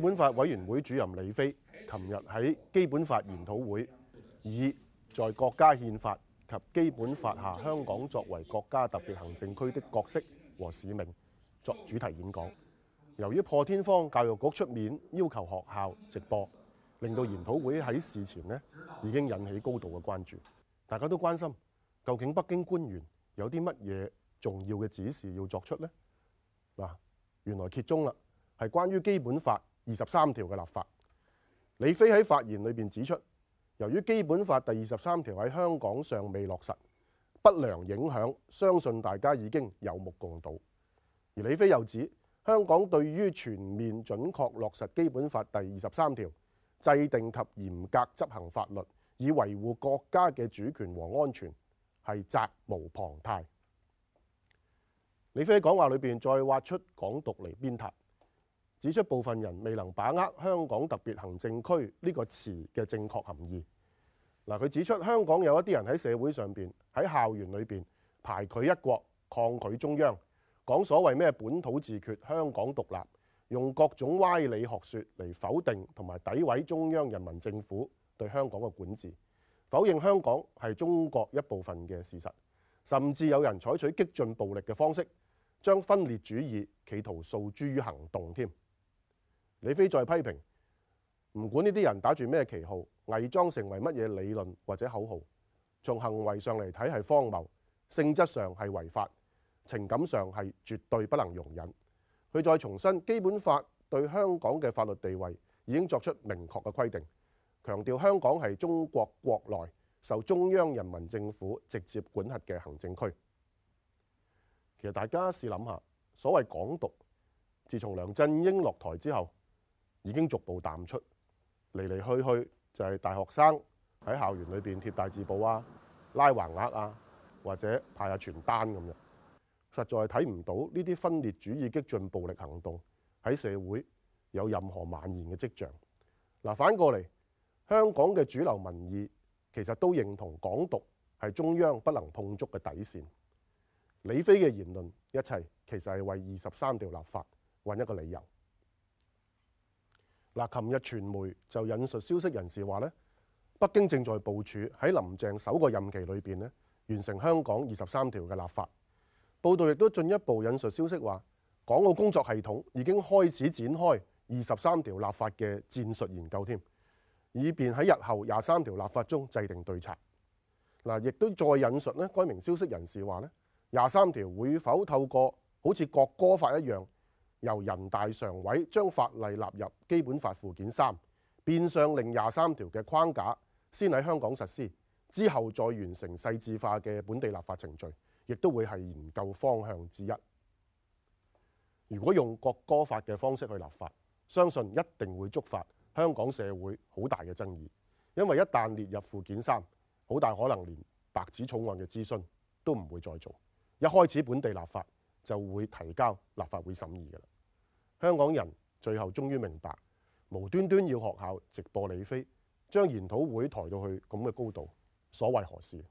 基本法委員會主任李飛琴日喺基本法研討會，以在國家憲法及基本法下香港作為國家特別行政區的角色和使命作主題演講。由於破天荒教育局出面要求學校直播，令到研討會喺事前呢已經引起高度嘅關注。大家都關心究竟北京官員有啲乜嘢重要嘅指示要作出呢？嗱，原來揭中啦，係關於基本法。二十三條嘅立法，李飛喺發言裏邊指出，由於基本法第二十三條喺香港尚未落實，不良影響相信大家已經有目共睹。而李飛又指，香港對於全面準確落實基本法第二十三條，制定及嚴格執行法律，以維護國家嘅主權和安全，係責無旁貸。李飛講話裏邊再挖出港獨嚟鞭撻。指出部分人未能把握香港特別行政區呢個詞嘅正確含義。嗱，佢指出香港有一啲人喺社會上邊，喺校園裏邊排佢一國抗拒中央，講所謂咩本土自決、香港獨立，用各種歪理學說嚟否定同埋詆毀中央人民政府對香港嘅管治，否認香港係中國一部分嘅事實，甚至有人採取激進暴力嘅方式，將分裂主義企圖訴諸於行動添。李飛再批評，唔管呢啲人打住咩旗號，偽裝成為乜嘢理論或者口號，從行為上嚟睇係荒謬，性質上係違法，情感上係絕對不能容忍。佢再重申《基本法》對香港嘅法律地位已經作出明確嘅規定，強調香港係中國國內受中央人民政府直接管轄嘅行政區。其實大家試諗下，所謂港獨，自從梁振英落台之後，已經逐步淡出，嚟嚟去去就係大學生喺校園裏邊貼大字報啊、拉橫額啊，或者派下傳單咁樣，實在睇唔到呢啲分裂主義激進暴力行動喺社會有任何蔓延嘅跡象。嗱，反過嚟，香港嘅主流民意其實都認同港獨係中央不能碰觸嘅底線。李飛嘅言論一齊，其實係為二十三條立法揾一個理由。嗱，琴日傳媒就引述消息人士話咧，北京正在部署喺林鄭首個任期裏邊咧，完成香港二十三條嘅立法。報道亦都進一步引述消息話，港澳工作系統已經開始展開二十三條立法嘅戰術研究，添，以便喺日後廿三條立法中制定對策。嗱，亦都再引述咧，該名消息人士話咧，廿三條會否透過好似國歌法一樣，由人大常委將法例納入基本法附件三，變相令廿三條嘅框架先喺香港實施，之後再完成細致化嘅本地立法程序，亦都會係研究方向之一。如果用國歌法嘅方式去立法，相信一定會觸發香港社會好大嘅爭議，因為一旦列入附件三，好大可能連白紙草案嘅諮詢都唔會再做。一開始本地立法就會提交立法會審議嘅啦。香港人最後終於明白，無端端要學校直播李飛，將研討會抬到去咁嘅高度，所為何事？